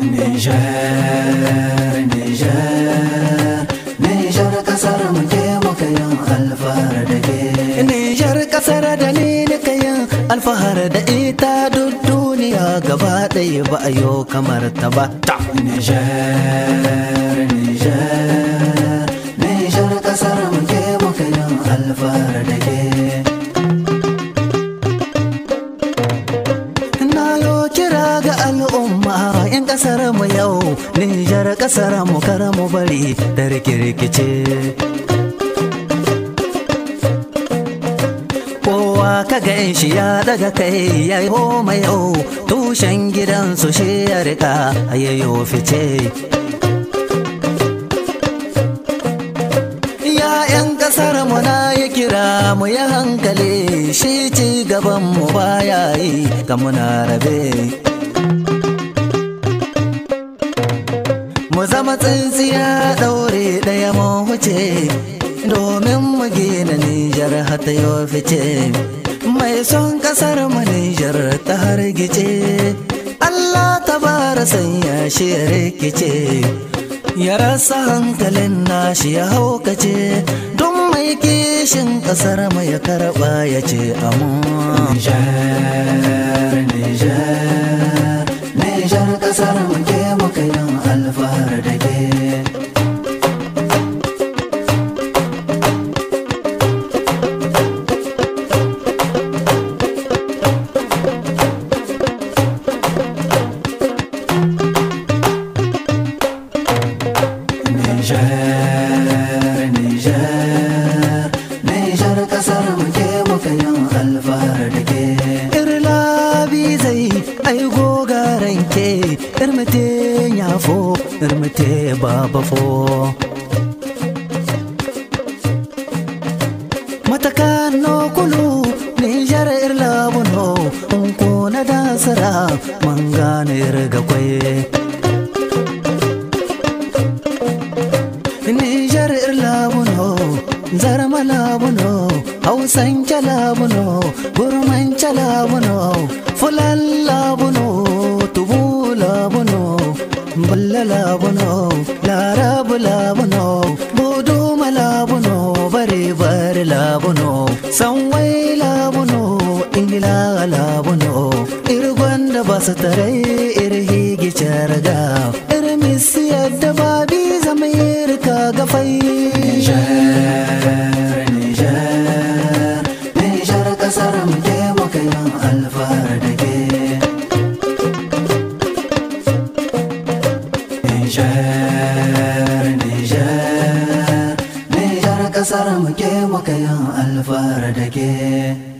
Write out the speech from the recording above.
Nijar, Nijar, Nijar kasar mu ke muka yin da ke. Nijar kasar da ni nika yin alfahar da ita duk duniya gaba ɗaya ba a yau kamar ta ba. Nijar, Nijar. kasar mu yau Nijar kasar mu kar mu bari da rikirkice Kowa ka gan shi ya daga kai ya yi homa yau tushen gidan su shi ya rika yayo fice kasar mu na ya kira mu ya hankali shi ci gaban mu ya yi ga muna rabe. mu zama tsintsiya ɗaure ɗaya mu wuce domin mu gina nijar hata yau fice mai son ƙasar mu nijar ta hargice Allah ta bara sanya shi ya rikice ya rasa hankalin nashi ya haukace don mai kishin ƙasar mu ya karɓa ya ce amin Nijar, Nijar Nijar, Nijar, Nijar kasar muke muka yin alfahar da ke. Ir labi zai ai gogaran ke, ir mute yafo, ir mute babafo. Matakano kulu, Nijar ir labuno, in kuna da sara, mangana ir Nijar labuno, zarma labuno, hausanca labuno, gurmanca labuno, fulan labuno, tubu labuno, balla labuno, larabu labuno, buduma labuno, bare bare labuno, sanwai labuno, ingila labuno, irgwanda ba su tare irhi gicar irmisi adda babi kasafai Nijar, Nijar, Nijar kasar muke muka yin alfahar da ke Nijar, Nijar, Nijar kasar muke muka alfahar da ke